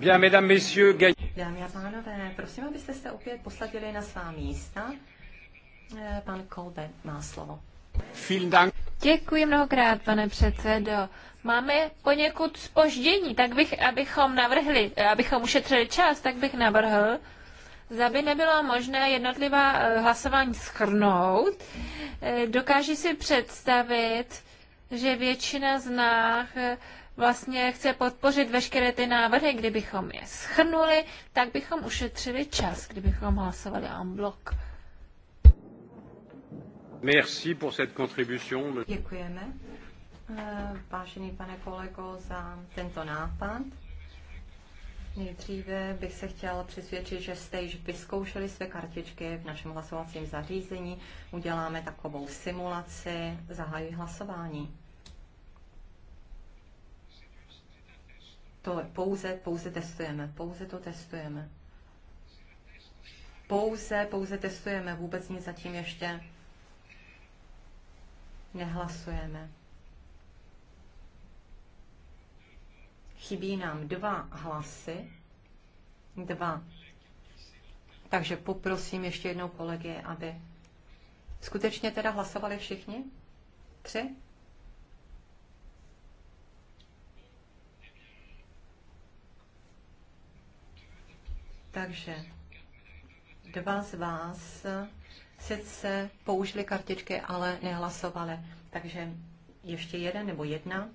Bien, mesdames, messieurs, gagne... Dámy a pánové, prosím, abyste se opět posadili na svá místa. Eh, pan Kolbe má slovo. Děkuji mnohokrát, pane předsedo. Máme poněkud spoždění, tak bych, abychom navrhli, eh, abychom ušetřili čas, tak bych navrhl, Zaby nebylo možné jednotlivá eh, hlasování schrnout. Dokáží si představit, že většina z nás vlastně chce podpořit veškeré ty návrhy. Kdybychom je schrnuli, tak bychom ušetřili čas, kdybychom hlasovali en bloc. Merci pour cette contribution. Děkujeme, eh, vážený pane kolego, za tento nápad. Nejdříve bych se chtěl přesvědčit, že jste již vyzkoušeli své kartičky v našem hlasovacím zařízení. Uděláme takovou simulaci, zahajuji hlasování. to pouze, pouze testujeme, pouze to testujeme. Pouze, pouze testujeme, vůbec nic zatím ještě nehlasujeme. Chybí nám dva hlasy, dva. Takže poprosím ještě jednou kolegy, aby skutečně teda hlasovali všichni? Tři? Takže dva z vás sice použili kartičky, ale nehlasovali. Takže ještě jeden nebo jedna.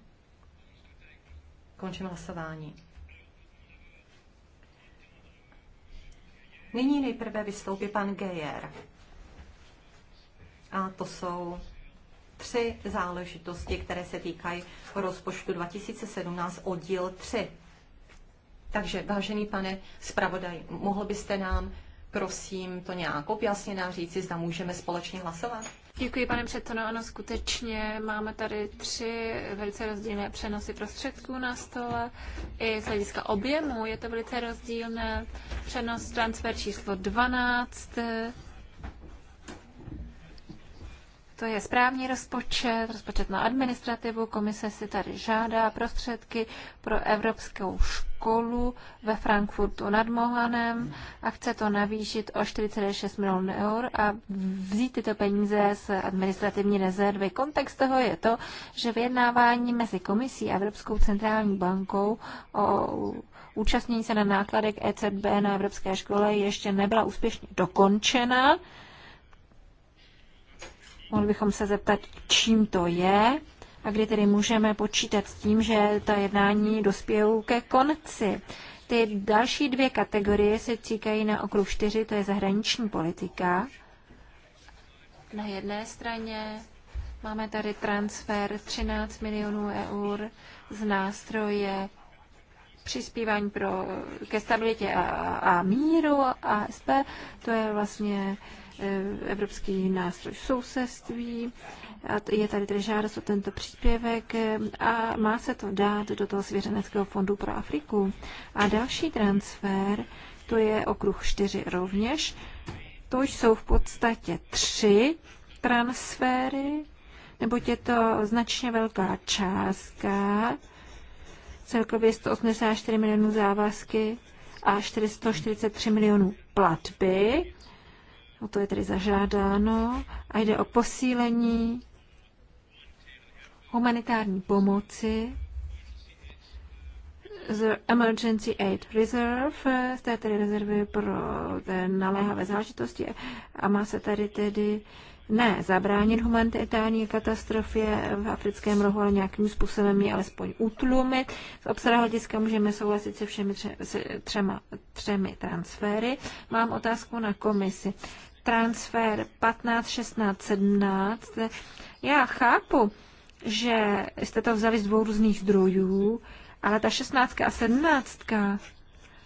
Končím hlasování. Nyní nejprve vystoupí pan Gejer. A to jsou tři záležitosti, které se týkají rozpočtu 2017 oddíl 3. Takže, vážený pane zpravodaj, mohl byste nám, prosím, to nějak objasně nám říci, zda můžeme společně hlasovat? Děkuji, pane předsedo. Ano, skutečně máme tady tři velice rozdílné přenosy prostředků na stole. I z hlediska objemu je to velice rozdílné. Přenos transfer číslo 12 to je správní rozpočet, rozpočet na administrativu. Komise si tady žádá prostředky pro Evropskou školu ve Frankfurtu nad Mohanem a chce to navýšit o 46 milionů eur a vzít tyto peníze z administrativní rezervy. Kontext toho je to, že vyjednávání mezi komisí a Evropskou centrální bankou o účastnění se na nákladek ECB na Evropské škole ještě nebyla úspěšně dokončena Mohli bychom se zeptat, čím to je a kdy tedy můžeme počítat s tím, že ta jednání dospějou ke konci. Ty další dvě kategorie se týkají na okruh 4, to je zahraniční politika. Na jedné straně máme tady transfer 13 milionů eur z nástroje přispívání pro, ke stabilitě a, a míru a SP. To je vlastně E, evropský nástroj sousedství. A je tady tedy žádost o tento příspěvek e, a má se to dát do toho svěřeneckého fondu pro Afriku. A další transfer, to je okruh 4 rovněž, to už jsou v podstatě tři transfery, neboť je to značně velká částka, celkově 184 milionů závazky a 443 milionů platby. O to je tedy zažádáno a jde o posílení humanitární pomoci z Emergency Aid Reserve, z té tedy rezervy pro té naléhavé záležitosti a má se tady tedy ne zabránit humanitární katastrofě v africkém rohu, ale nějakým způsobem ji alespoň utlumit. Z obsahu hlediska můžeme souhlasit se všemi tře, se třema, třemi transfery. Mám otázku na komisi transfer 15, 16, 17. Já chápu, že jste to vzali z dvou různých zdrojů, ale ta 16 a 17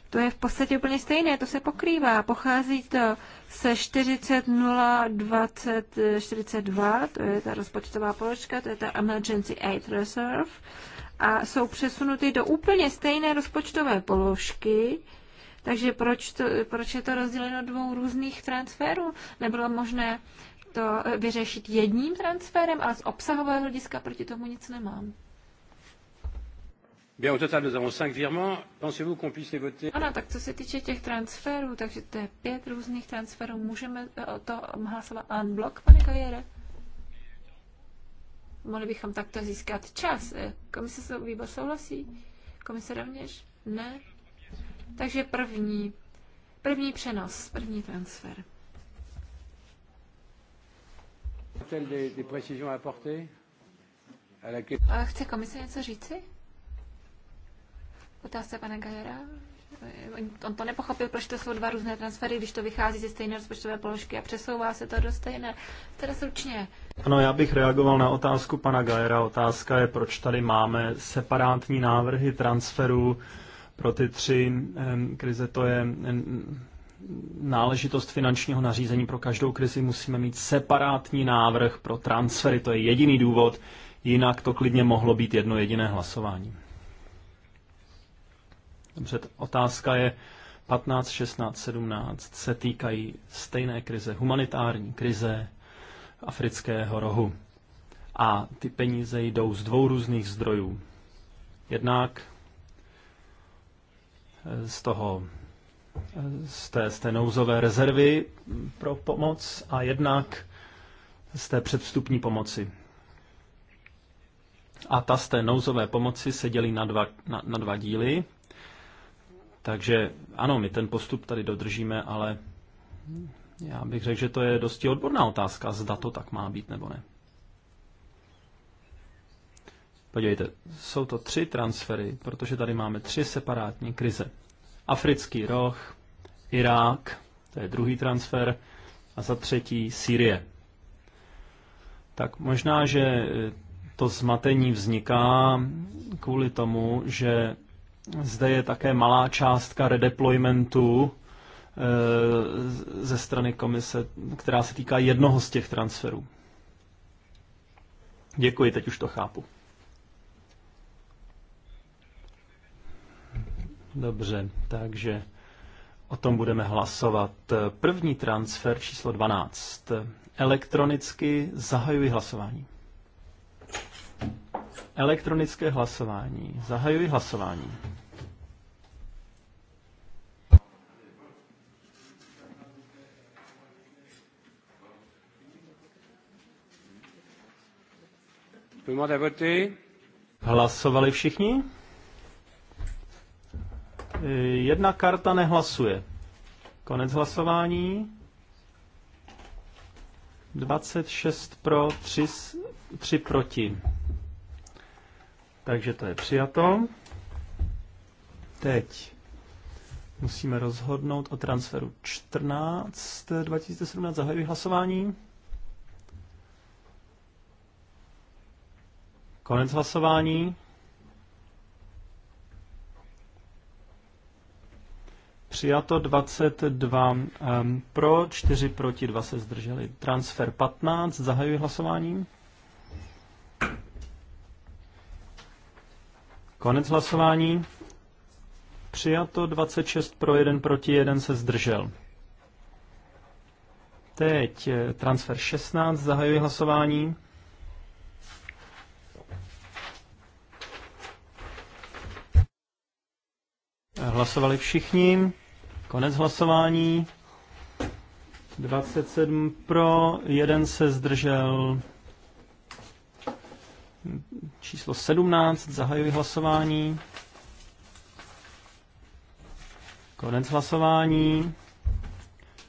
to je v podstatě úplně stejné, to se pokrývá. Pochází to se 42, to je ta rozpočtová položka, to je ta Emergency Aid Reserve, a jsou přesunuty do úplně stejné rozpočtové položky, takže proč, to, proč je to rozděleno dvou různých transferů? Nebylo možné to eh, vyřešit jedním transferem, ale z obsahového hlediska proti tomu nic nemám. Bien, au total, nous avons cinq virements. Pensez-vous qu'on puisse les voter Ano, tak co se týče těch transferů, takže to je pět různých transferů. Můžeme eh, to hlasovat en bloc, pane Kaviere? Mohli bychom takto získat čas. Eh, komise se výbor souhlasí? Komise rovněž? Ne? Takže první, první přenos, první transfer. A eh, chce komise něco říci? Otázce pana Gajera? Eh, on to nepochopil, proč to jsou dva různé transfery, když to vychází ze stejné rozpočtové položky a přesouvá se to do stejné. Teda sručně. Ano, já bych reagoval na otázku pana Gajera. Otázka je, proč tady máme separátní návrhy transferů pro ty tři krize. To je náležitost finančního nařízení. Pro každou krizi musíme mít separátní návrh pro transfery. To je jediný důvod. Jinak to klidně mohlo být jedno jediné hlasování. Dobře, otázka je 15, 16, 17 se týkají stejné krize, humanitární krize afrického rohu. A ty peníze jdou z dvou různých zdrojů. Jednak z toho z té, z té nouzové rezervy pro pomoc a jednak z té předvstupní pomoci. A ta z té nouzové pomoci se dělí na dva, na, na dva díly. Takže ano, my ten postup tady dodržíme, ale já bych řekl, že to je dosti odborná otázka, zda to tak má být nebo ne. Podívejte, jsou to tři transfery, protože tady máme tři separátní krize. Africký roh, Irák, to je druhý transfer, a za třetí Sýrie. Tak možná, že e, to zmatení vzniká kvůli tomu, že zde je také malá částka redeploymentu e, ze strany komise, která se týká jednoho z těch transferů. Děkuji, teď už to chápu. Dobře, takže o tom budeme hlasovat. První transfer číslo 12. Elektronicky zahajuji hlasování. Elektronické hlasování. Zahajuji hlasování. Hlasovali všichni? Jedna karta nehlasuje. Konec hlasování. 26 pro, 3, 3 proti. Takže to je přijato. Teď musíme rozhodnout o transferu 14 2017. Zahajuji hlasování. Konec hlasování. přijato, 22 pro, 4 proti, 2 se zdrželi. Transfer 15, zahajuji hlasování. Konec hlasování. Přijato 26 pro 1 proti 1 se zdržel. Teď eh, transfer 16, zahajuji hlasování. Hlasovali všichni. Konec hlasování. 27 pro, jeden se zdržel. Číslo 17, zahajuji hlasování. Konec hlasování.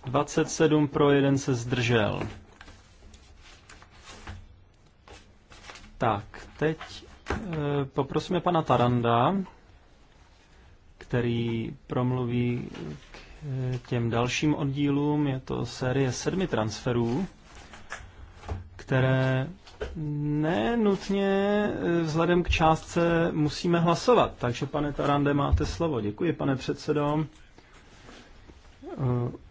27 pro, jeden se zdržel. Tak, teď e, poprosíme pana Taranda, který promluví těm dalším oddílům. Je to série sedmi transferů, které ne nutně eh, vzhledem k částce musíme hlasovat. Takže pane Tarande, máte slovo. Děkuji, pane předsedo. Eh,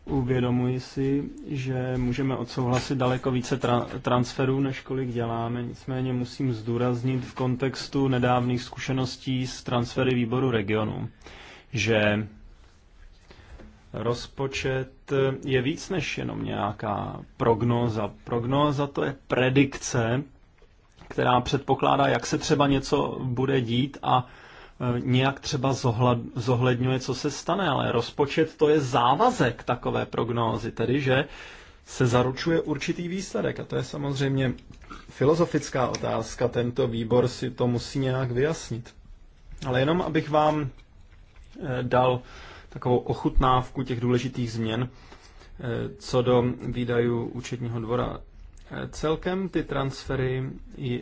uvědomuji si, že můžeme odsouhlasit daleko více tra- transferů, než kolik děláme. Nicméně musím zdůraznit v kontextu nedávných zkušeností z transfery výboru regionu, že Rozpočet eh, je víc než jenom nějaká prognóza. Prognóza to je predikce, která předpokládá, jak se třeba něco bude dít a eh, nějak třeba zohledňuje, co se stane, ale rozpočet to je závazek takové prognózy, tedy že se zaručuje určitý výsledek a to je samozřejmě filozofická otázka, tento výbor si to musí nějak vyjasnit. Ale jenom abych vám eh, dal takovou ochutnávku těch důležitých změn eh, co do výdajů účetního dvora. Eh, celkem ty transfery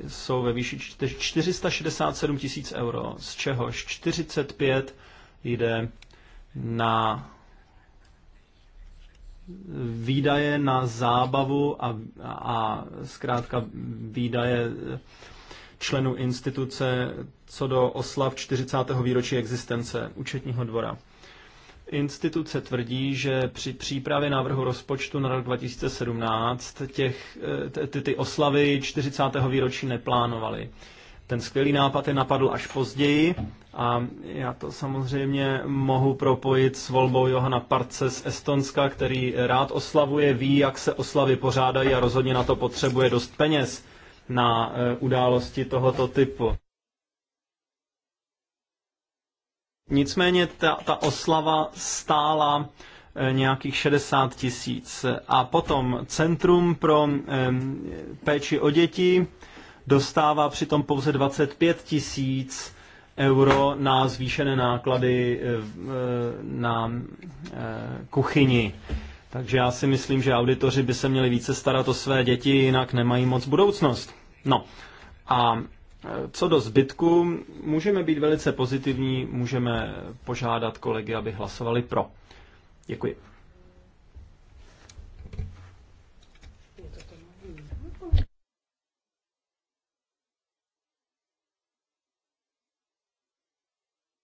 jsou ve výši 467 tisíc euro, z čehož 45 jde na výdaje na zábavu a, a zkrátka výdaje členů instituce co do oslav 40. výročí existence účetního dvora. Instituce tvrdí, že při přípravě návrhu rozpočtu na rok 2017 těch, eh, ty, ty oslavy 40. výročí neplánovaly. Ten skvělý nápad je napadl až později a já to samozřejmě mohu propojit s volbou Johana Parce z Estonska, který rád oslavuje, ví, jak se oslavy pořádají a rozhodně na to potřebuje dost peněz na eh, události tohoto typu. Nicméně ta, ta oslava stála eh, nějakých 60 tisíc. A potom Centrum pro eh, péči o děti dostává přitom pouze 25 tisíc euro na zvýšené náklady eh, na kuchyni. Takže já si myslím, že auditoři by se měli více starat o své děti, jinak nemají moc budoucnost. No a co do zbytku, můžeme být velice pozitivní, můžeme požádat kolegy, aby hlasovali pro. Děkuji.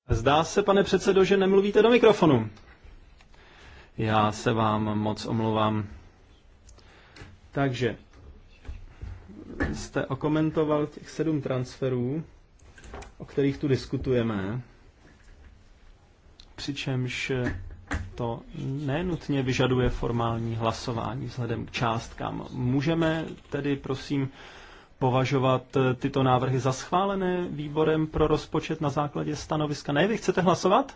Zdá se, pane předsedo, že nemluvíte do mikrofonu. Já se vám moc omlouvám. Takže jste okomentoval těch sedm transferů, o kterých tu diskutujeme, přičemž to nenutně vyžaduje formální hlasování vzhledem k částkám. Můžeme tedy, prosím, považovat tyto návrhy za schválené výborem pro rozpočet na základě stanoviska? Ne, vy chcete hlasovat?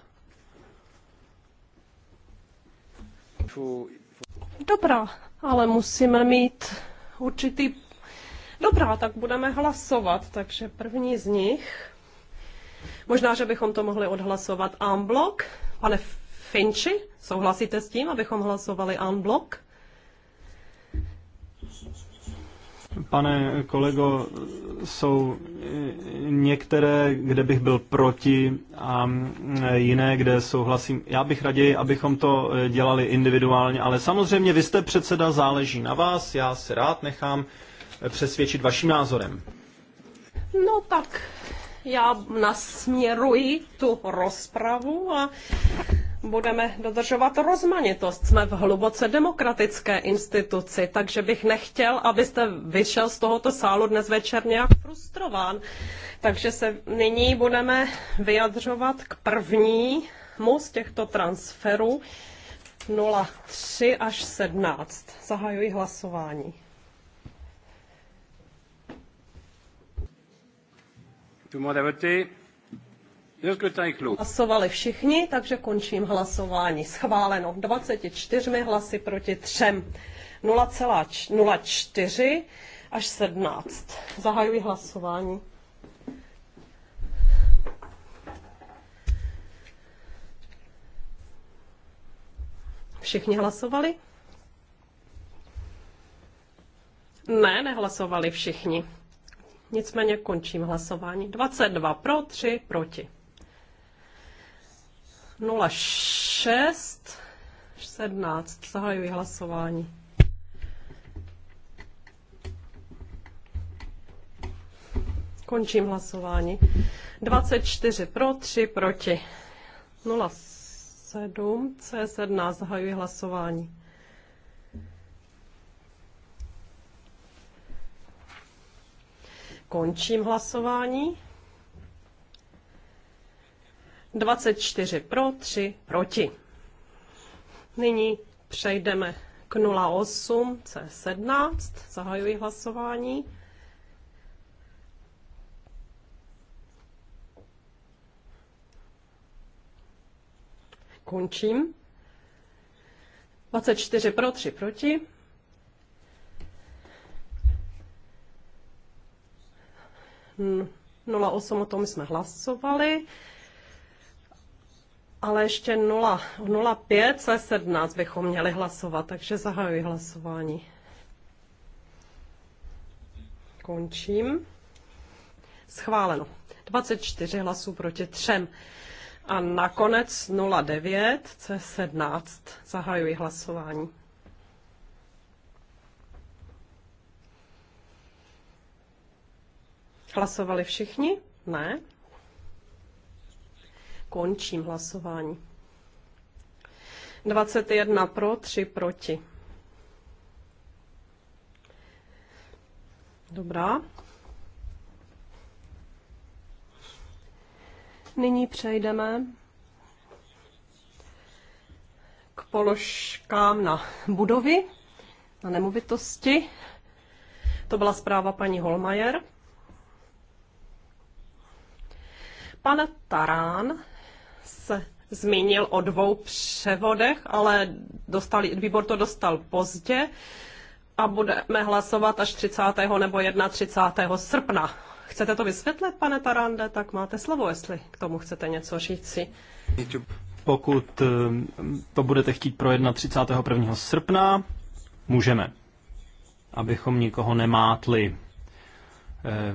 Dobrá, ale musíme mít určitý Dobrá, tak budeme hlasovat. Takže první z nich. Možná, že bychom to mohli odhlasovat unblock. Pane Finči, souhlasíte s tím, abychom hlasovali unblock? Pane kolego, jsou některé, kde bych byl proti a jiné, kde souhlasím. Já bych raději, abychom to dělali individuálně, ale samozřejmě vy jste předseda, záleží na vás, já si rád nechám přesvědčit vaším názorem? No tak já nasměruji tu rozpravu a budeme dodržovat rozmanitost. Jsme v hluboce demokratické instituci, takže bych nechtěl, abyste vyšel z tohoto sálu dnes večer nějak frustrován. Takže se nyní budeme vyjadřovat k prvnímu z těchto transferů 03 až 17. Zahajuji hlasování. Hlasovali všichni, takže končím hlasování. Schváleno 24 hlasy proti 3. 0,04 až 17. Zahajuji hlasování. Všichni hlasovali? Ne, nehlasovali všichni. Nicméně končím hlasování. 22 pro, 3 proti. 06, 17. Zahajuji hlasování. Končím hlasování. 24 pro, 3 proti. 07, C17. Zahajuji hlasování. Končím hlasování. 24 pro, 3 proti. Nyní přejdeme k 08 C17. Zahajuji hlasování. Končím. 24 pro, 3 proti. 08, hm, o tom jsme hlasovali, ale ještě 0, 05 se 17 bychom měli hlasovat, takže zahajuji hlasování. Končím. Schváleno. 24 hlasů proti 3. A nakonec 09 C17. Zahajuji hlasování. Hlasovali všichni? Ne? Končím hlasování. 21 pro, 3 proti. Dobrá. Nyní přejdeme k položkám na budovy, na nemovitosti. To byla zpráva paní Holmajer. Pan Tarán se zmínil o dvou převodech, ale dostali, výbor to dostal pozdě a budeme hlasovat až 30. nebo 31. srpna. Chcete to vysvětlit, pane Tarande? Tak máte slovo, jestli k tomu chcete něco říci. Pokud eh, to budete chtít pro 31. srpna, můžeme, abychom nikoho nemátli. Eh,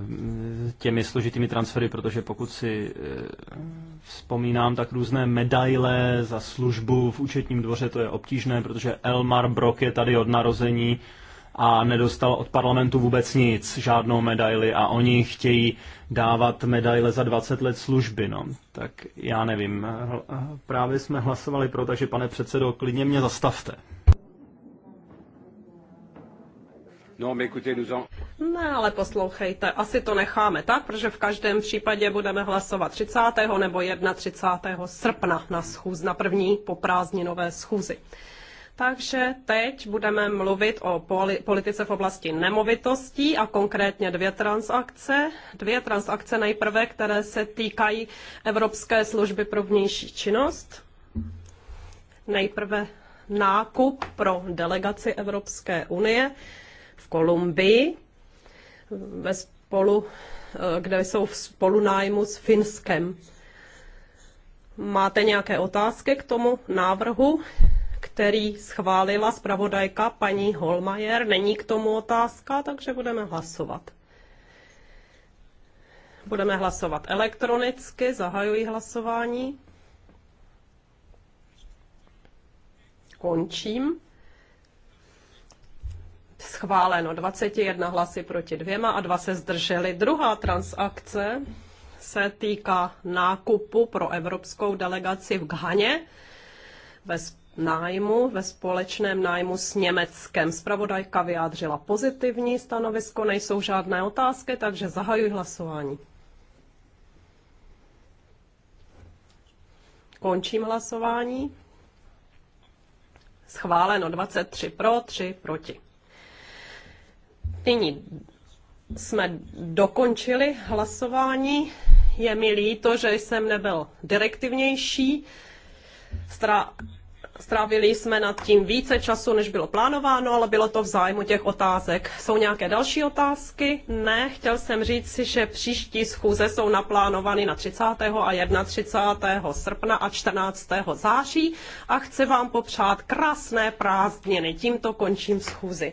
těmi složitými transfery, protože pokud si eh, vzpomínám, tak různé medaile za službu v účetním dvoře, to je obtížné, protože Elmar Brok je tady od narození a nedostal od parlamentu vůbec nic, žádnou medaili a oni chtějí dávat medaile za 20 let služby, no. Tak já nevím, eh, právě jsme hlasovali pro, takže pane předsedo, klidně mě zastavte. No, my en... Ne, ale poslouchejte, asi to necháme tak, protože v každém případě budeme hlasovat 30. nebo 31. srpna na schůz, na první poprázdninové schůzi. Takže teď budeme mluvit o politice v oblasti nemovitostí a konkrétně dvě transakce. Dvě transakce nejprve, které se týkají Evropské služby pro vnější činnost. Nejprve nákup pro delegaci Evropské unie v Kolumbii, ve spolu, eh, kde jsou v spolunájmu s Finskem. Máte nějaké otázky k tomu návrhu, který schválila zpravodajka paní Holmajer? Není k tomu otázka, takže budeme hlasovat. Budeme hlasovat elektronicky, zahajuji hlasování. Končím schváleno 21 hlasy proti dvěma a dva se zdrželi. Druhá transakce se týká nákupu pro evropskou delegaci v Ghaně ve nájmu, ve společném nájmu s Německem. Spravodajka vyjádřila pozitivní stanovisko, nejsou žádné otázky, takže zahajuji hlasování. Končím hlasování. Schváleno 23 pro, 3 proti. Nyní jsme dokončili hlasování. Je mi líto, že jsem nebyl direktivnější. Stra strávili jsme nad tím více času, než bylo plánováno, ale bylo to v zájmu těch otázek. Jsou nějaké další otázky? Ne, chtěl jsem říct si, že příští schůze jsou naplánovány na 30. a 31. srpna a 14. září a chci vám popřát krásné prázdniny. Tímto končím schůzi.